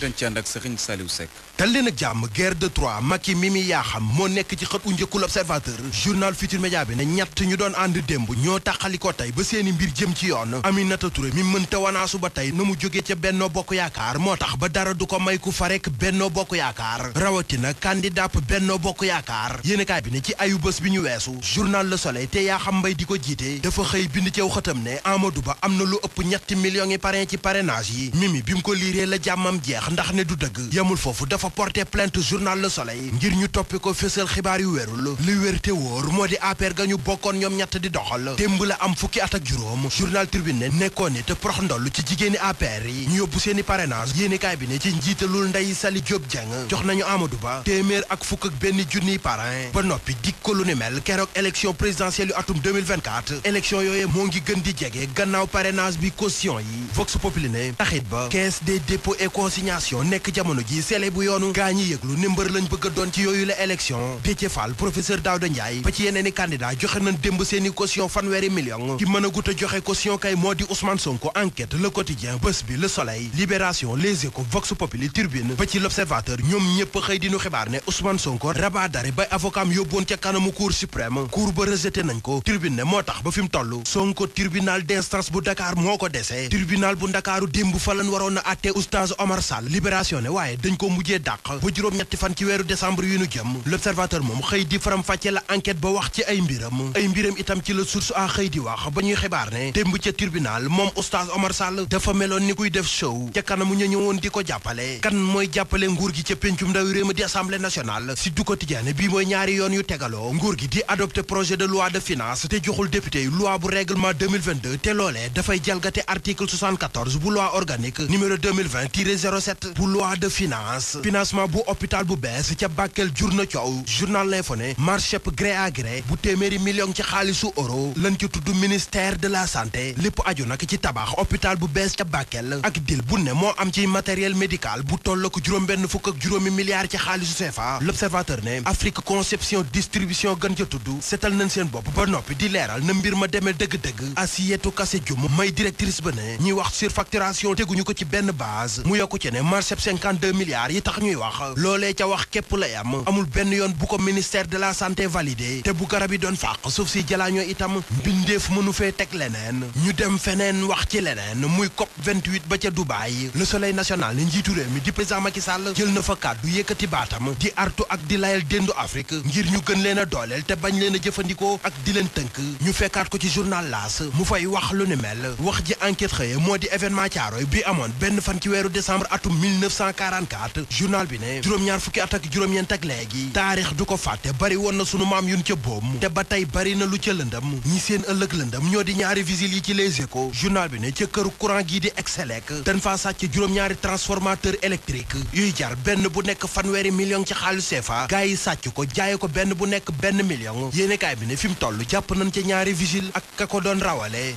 dañ ci ànd ak Serigne Saliou Seck leen jàmm guerre de trois Macky Mimi yaa xam moo nekk ci xët u njëkkul observateur journal Futur Média bi ne ñett ñu doon ànd démb ñoo taqali ko tey ba seeni mbir jëm ci yoon Aminata Touré mi mënta wanaasu ba tey na mu jógee ca Benno Bokk Yaakaar moo tax ba dara du ko may ku fa rek Benno Bokk Yaakaar rawatina candidat Benno Bokk Yaakaar yéenekaay bi ne ci ayu bés bi ñu weesu journal la Soleil te yaa xam mbay di ko jiite dafa xëy bind ceew xëtam ne Amadou Ba am na lu ëpp ñetti millions yi parrain ci parrainage yi Mimi bi mu ko liiree la jàmmam jeex wax ndax ne du dëgg yemul foofu dafa porté plainte journal Le Soleil ngir ñu toppi ko fésal xibaar yu wérul li wér te wóor moo di APR ga ñu bokkoon ñoom ñett di doxal démb la am fukki at ak juróom journal Tribune nekkoon it prox ndoll ci jigéeni APR yi ñu yóbbu seeni parrainage yéeni kaay bi ne ci njiitalul Ndeye Sali Diop Dieng jox nañu Amadou Ba téeméer ak fukk ak benn junniy parrain ba noppi dik ko lu ni mel keroog élection présidentielle yu atum 2024 élection yooye moo ngi gën di jege gannaaw parrainage bi caution yi Vox Populi ne taxit ba caisse des dépôts Libération nekk jamono ji sele yoonu gaa yëglu ne mbër lañ bëgg a doon ci yooyu la élection Déthié professeur Daouda Ndiaye ba ci yeneen i joxe nañ démb seen i fanweeri million ki mën a gut a joxe caution kay moo di Ousmane Sonko enquête le quotidien bés bi le soleil Libération les Échos Vox Populi Tribune ba ci l'observateur ñoom ñëpp xëy dinu xibaar ne Ousmane Sonko rabat d'arrêt bay yóbboon ca kanamu cour suprême cour ba rejeté nañ ko Tribune a libération ne waaye dañ ko mujjee dàq bu juróom-ñetti fan ci weeru décembre yu nu jëm l'observateur moom xëy di faram-fàcce la enquête ba wax ci ay mbiram ay mbiram itam ci la source a xëy di wax ba ñuy xibaar ne démb ca tribunal moom oustaz Omar Sall dafa meloon ni kuy def show ca kanamu ñu ñëwoon di ko jàppale kan mooy jàppale nguur gi ca péncum ndawi réew mi di assemblée nationale si du quotidien bii mooy ñaari yoon yu tegaloo nguur gi di adopté projet de loi de finance te joxul député yi loi bu règlement 2022 te loolee dafay jalgate recette bu loi de finance financement bu hôpital bu bees ca Bakel jur na coow journal l'info ne marché gré à bu téeméeri million ci xaalisu euro lañ ci tudd ministère de la santé lépp aju nag ci tabax hôpital bu bees ca Bakel ak dil bu ne moo am ci matériel médical bu toll ko juróom-benn fukk ak juróomi milliards ci xaalisu CFA l'observateur ne Afrique conception distribution gën ca tudd seetal nañ seen bopp ba noppi di leeral na mbir ma demee dëgg-dëgg Asietu Kase Jum may directrice ba ne ñuy wax surfacturation teguñu ko ci benn base mu yokku marché 52 milliards yi tax ñuy wax loolee ca wax képp lay am amul benn yoon bu ko ministère de la santé validé te bu garab yi doon fàq suuf si jalaañoo itam mbindeef mënu fee teg leneen ñu dem feneen wax ci leneen muy COP 28 ba ca Dubaï le soleil national ni njiitu réew mi di président Macky Sall jël na fa kàddu yëkkati baatam di artu ak di layal déndu Afrique ngir ñu gën leen a dooleel te bañ leen a jëfandikoo ak di leen tënk ñu fekkaat ko ci journal L'As mu fay wax lu ni mel wax ji enquête moo di événement Thiaroye bi amoon benn fan ci weeru décembre atu atum 1944 journal bi ne juróom-ñaar fukki at ak juróom-ñeent ak léegi taarix du ko fàtte bari woon na sunu maam yun ca boom te ba tey bari na lu ca lëndam ñi seen ëllëg lëndam ñoo di ñaari vigiles yi ci Les Échos journal bi ne ca këru courant gii di Excelec dañ faa sàcc juróom-ñaari transformateur électrique yuy jar benn bu nekk fanweeri million ci xaalis CFA gars yi sàcc ko jaay ko benn bu nekk benn million yéenekaay bi ne fi mu toll jàpp nañ ca ñaari vigile ak ka ko doon rawale